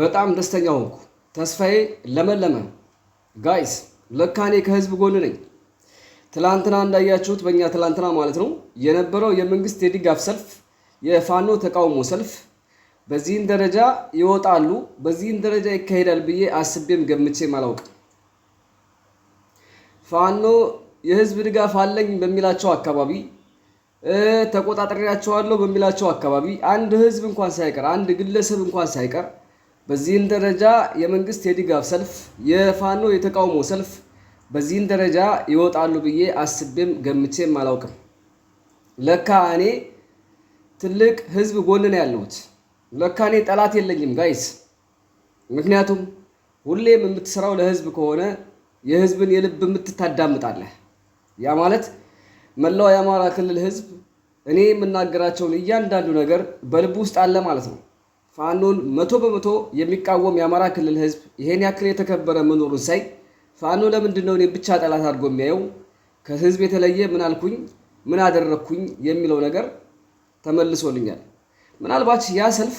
በጣም ደስተኛ ሆንኩ። ተስፋዬ ለመለመ። ጋይስ ለካኔ ከህዝብ ጎን ነኝ። ትላንትና እንዳያችሁት በእኛ ትላንትና ማለት ነው የነበረው የመንግስት የድጋፍ ሰልፍ፣ የፋኖ ተቃውሞ ሰልፍ በዚህን ደረጃ ይወጣሉ፣ በዚህን ደረጃ ይካሄዳል ብዬ አስቤም ገምቼም አላውቅም። ፋኖ የህዝብ ድጋፍ አለኝ በሚላቸው አካባቢ ተቆጣጠሪያቸዋለሁ በሚላቸው አካባቢ አንድ ህዝብ እንኳን ሳይቀር አንድ ግለሰብ እንኳን ሳይቀር በዚህን ደረጃ የመንግስት የድጋፍ ሰልፍ፣ የፋኖ የተቃውሞ ሰልፍ በዚህን ደረጃ ይወጣሉ ብዬ አስቤም ገምቼም አላውቅም። ለካ እኔ ትልቅ ህዝብ ጎን ነው ያለሁት። ለካ እኔ ጠላት የለኝም ጋይስ። ምክንያቱም ሁሌም የምትሰራው ለህዝብ ከሆነ የህዝብን የልብ የምትታዳምጣለህ። ያ ማለት መላው የአማራ ክልል ህዝብ እኔ የምናገራቸውን እያንዳንዱ ነገር በልብ ውስጥ አለ ማለት ነው። ፋኖን መቶ በመቶ የሚቃወም የአማራ ክልል ህዝብ ይሄን ያክል የተከበረ መኖሩን ሳይ ፋኖ ለምንድን ነው ብቻ ጠላት አድርጎ የሚያየው? ከህዝብ የተለየ ምን አልኩኝ፣ ምን አደረግኩኝ የሚለው ነገር ተመልሶልኛል። ምናልባት ያ ሰልፍ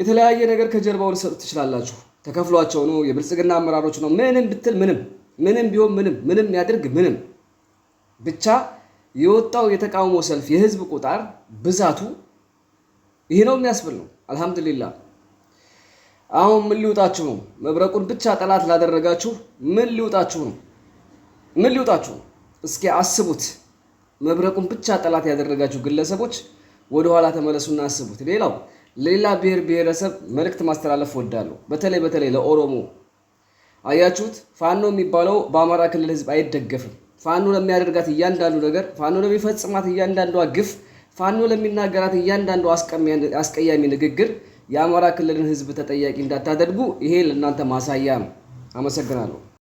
የተለያየ ነገር ከጀርባው ልሰጡት ትችላላችሁ። ተከፍሏቸው ነው የብልጽግና አመራሮች ነው ምንም ብትል ምንም ምንም ቢሆን ምንም ምንም ያድርግ ምንም ብቻ የወጣው የተቃውሞ ሰልፍ የህዝብ ቁጣር ብዛቱ ይሄ ነው የሚያስብል ነው። አልሐምዱሊላ። አሁን ምን ሊውጣችሁ ነው? መብረቁን ብቻ ጠላት ላደረጋችሁ ምን ሊውጣችሁ ነው? ምን ሊውጣችሁ ነው? እስኪ አስቡት። መብረቁን ብቻ ጠላት ያደረጋችሁ ግለሰቦች ወደኋላ ተመለሱና አስቡት። ሌላው ለሌላ ብሔር ብሔረሰብ መልእክት ማስተላለፍ ወዳለሁ። በተለይ በተለይ ለኦሮሞ አያችሁት፣ ፋኖ የሚባለው በአማራ ክልል ህዝብ አይደገፍም። ፋኖ ለሚያደርጋት እያንዳንዱ ነገር፣ ፋኖ ለሚፈጽማት እያንዳንዷ ግፍ ፋኖ ለሚናገራት እያንዳንዱ አስቀያሚ ንግግር የአማራ ክልልን ህዝብ ተጠያቂ እንዳታደርጉ ይሄ ለእናንተ ማሳያ ነው። አመሰግናለሁ።